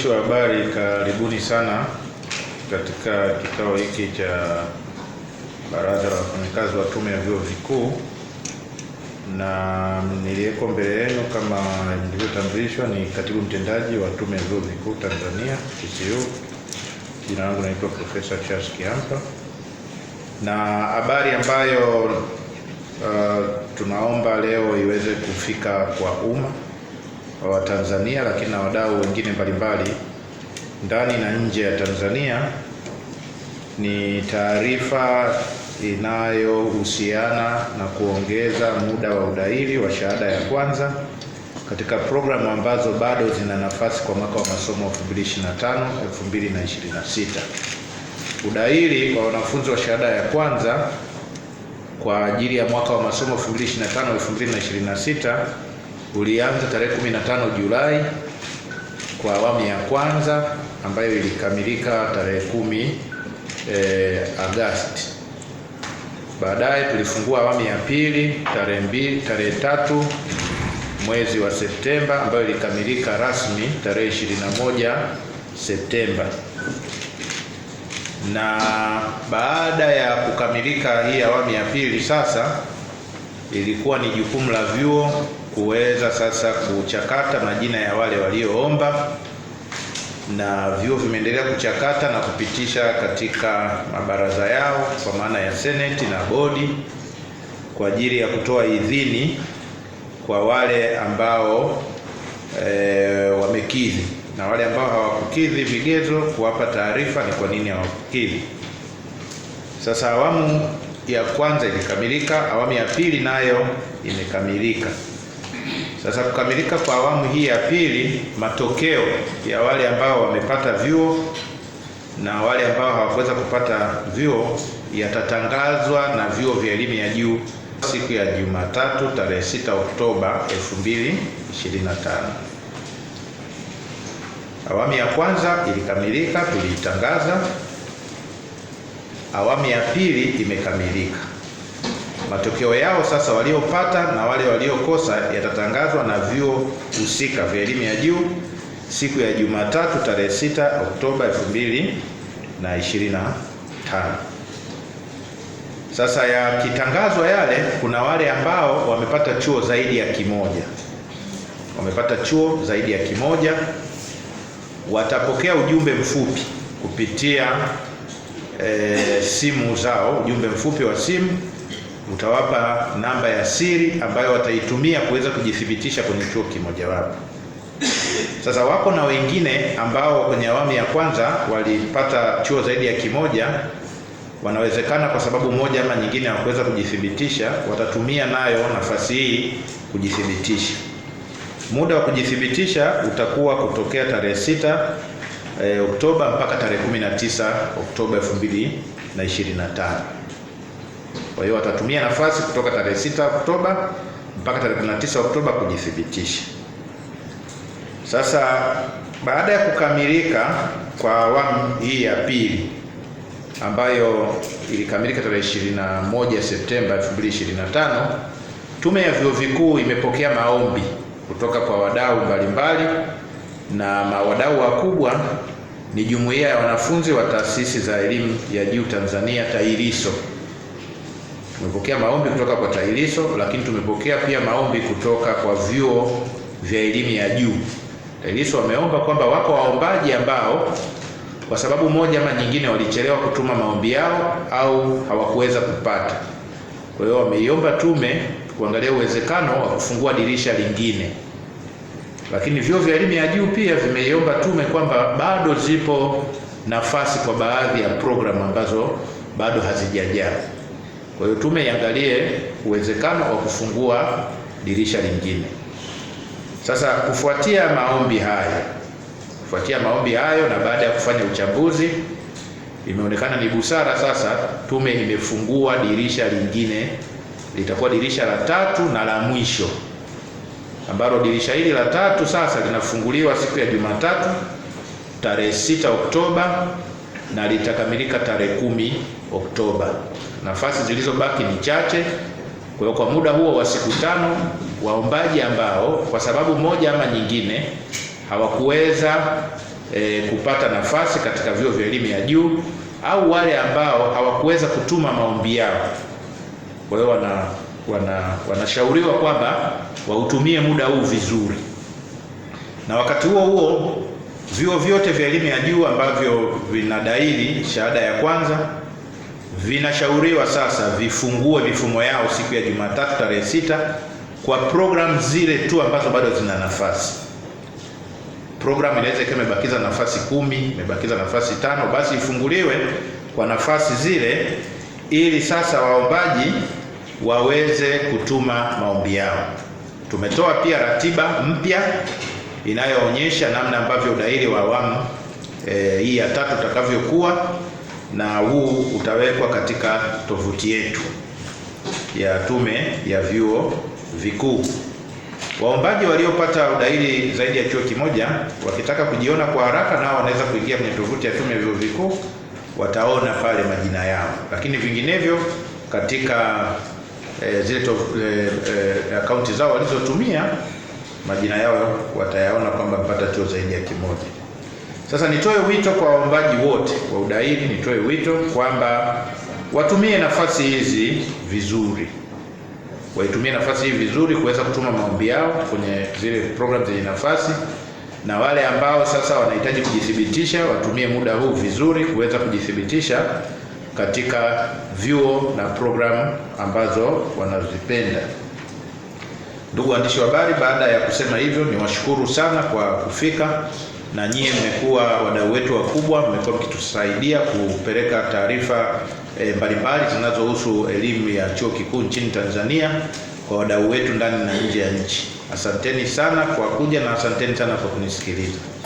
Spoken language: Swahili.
Waandishi wa habari, karibuni sana katika kikao hiki cha baraza la wafanyakazi wa tume ya vyuo vikuu, na niliyeko mbele yenu kama nilivyotambulishwa ni katibu mtendaji wa tume ya vyuo vikuu Tanzania TCU. Jina langu naitwa Profesa Charles kiampa na habari ambayo uh, tunaomba leo iweze kufika kwa umma wa Tanzania lakini na wadau wengine mbalimbali ndani na nje ya Tanzania ni taarifa inayohusiana na kuongeza muda wa udahili wa shahada ya kwanza katika programu ambazo bado zina nafasi kwa mwaka wa masomo 2025 2026. Udahili kwa wanafunzi wa shahada ya kwanza kwa ajili ya mwaka wa masomo 2025 2026 ulianza tarehe 15 Julai kwa awamu ya kwanza ambayo ilikamilika tarehe kumi eh, Agosti. Baadaye tulifungua awamu ya pili tarehe mbili, tarehe tatu mwezi wa Septemba ambayo ilikamilika rasmi tarehe 21 Septemba. Na baada ya kukamilika hii awamu ya pili, sasa ilikuwa ni jukumu la vyuo kuweza sasa kuchakata majina ya wale walioomba, na vyuo vimeendelea kuchakata na kupitisha katika mabaraza yao kwa maana ya seneti na bodi kwa ajili ya kutoa idhini kwa wale ambao e, wamekidhi na wale ambao hawakukidhi vigezo kuwapa taarifa ni kwa nini hawakukidhi. Sasa awamu ya kwanza ilikamilika, awamu ya pili nayo imekamilika. Sasa kukamilika kwa awamu hii ya pili, matokeo ya wale ambao wamepata vyuo na wale ambao hawakuweza kupata vyuo yatatangazwa na vyuo vya elimu ya juu siku ya Jumatatu tarehe 6 Oktoba 2025. Awamu ya kwanza ilikamilika, tuliitangaza. Awamu ya pili imekamilika. Matokeo yao sasa waliopata na wale waliokosa yatatangazwa na vyuo husika vya elimu ya juu siku ya Jumatatu tarehe 6 Oktoba 2025. Sasa yakitangazwa yale, kuna wale ambao wamepata chuo zaidi ya kimoja, wamepata chuo zaidi ya kimoja watapokea ujumbe mfupi kupitia e, simu zao, ujumbe mfupi wa simu utawapa namba ya siri ambayo wataitumia kuweza kujithibitisha kwenye chuo kimojawapo. Sasa wako na wengine ambao kwenye awamu ya kwanza walipata chuo zaidi ya kimoja, wanawezekana kwa sababu moja ama nyingine hawakuweza kujithibitisha, watatumia nayo nafasi hii kujithibitisha. Muda wa kujithibitisha utakuwa kutokea tarehe sita e, Oktoba mpaka tarehe 19 Oktoba 2025. Kwa hiyo watatumia nafasi kutoka tarehe 6 Oktoba mpaka tarehe 29 Oktoba kujithibitisha. Sasa baada ya kukamilika kwa awamu hii ya pili ambayo ilikamilika tarehe 21 Septemba 2025, Tume ya Vyuo Vikuu imepokea maombi kutoka kwa wadau mbalimbali na mawadau wakubwa ni Jumuiya ya Wanafunzi wa Taasisi za Elimu ya Juu Tanzania TAHLISO. Tumepokea maombi kutoka kwa TAHILISO, lakini tumepokea pia maombi kutoka kwa vyuo vya elimu ya juu. TAHILISO wameomba kwamba wako waombaji ambao kwa sababu moja ama nyingine walichelewa kutuma maombi yao au hawakuweza kupata. Kwa hiyo wameiomba tume kuangalia uwezekano wa kufungua dirisha lingine, lakini vyuo vya elimu ya juu pia vimeiomba tume kwamba bado zipo nafasi kwa baadhi ya programu ambazo bado hazijajaa. Kwa hiyo tume iangalie uwezekano wa kufungua dirisha lingine. Sasa kufuatia maombi hayo, kufuatia maombi hayo na baada ya kufanya uchambuzi, imeonekana ni busara sasa tume imefungua dirisha lingine, litakuwa dirisha la tatu na la mwisho, ambalo dirisha hili la tatu sasa linafunguliwa siku ya Jumatatu tarehe 6 Oktoba na litakamilika tarehe kumi Oktoba nafasi zilizobaki ni chache. Kwa hiyo kwa muda huo wa siku tano, waombaji ambao kwa sababu moja ama nyingine hawakuweza e, kupata nafasi katika vyuo vya elimu ya juu au wale ambao hawakuweza kutuma maombi yao, kwa hiyo wana wanashauriwa kwamba wautumie muda huu vizuri, na wakati huo huo vyuo vyote vya elimu ya juu ambavyo vinadaili shahada ya kwanza vinashauriwa sasa vifungue mifumo yao siku ya Jumatatu tarehe sita kwa program zile tu ambazo bado zina nafasi. Program inaweza ikiwa imebakiza nafasi kumi, imebakiza nafasi tano, basi ifunguliwe kwa nafasi zile, ili sasa waombaji waweze kutuma maombi yao. Tumetoa pia ratiba mpya inayoonyesha namna ambavyo udahili wa awamu e, hii ya tatu utakavyokuwa na huu utawekwa katika tovuti yetu ya Tume ya Vyuo Vikuu. Waombaji waliopata udahili zaidi ya chuo kimoja wakitaka kujiona kwa haraka, nao wanaweza kuingia kwenye tovuti ya Tume ya Vyuo Vikuu, wataona pale majina yao, lakini vinginevyo katika e, zile e, e, akaunti zao walizotumia majina yao watayaona kwamba mpata chuo zaidi ya kimoja. Sasa nitoe wito kwa waombaji wote wa udaini, nitoe wito kwamba watumie nafasi hizi vizuri, waitumie nafasi hii vizuri kuweza kutuma maombi yao kwenye zile programu zenye nafasi, na wale ambao sasa wanahitaji kujithibitisha watumie muda huu vizuri kuweza kujithibitisha katika vyuo na programu ambazo wanazipenda. Ndugu waandishi wa habari, baada ya kusema hivyo, niwashukuru sana kwa kufika na nyie mmekuwa wadau wetu wakubwa, mmekuwa mkitusaidia kupeleka taarifa e, mbalimbali zinazohusu elimu ya chuo kikuu nchini Tanzania kwa wadau wetu ndani na nje ya nchi. Asanteni sana kwa kuja na asanteni sana kwa kunisikiliza.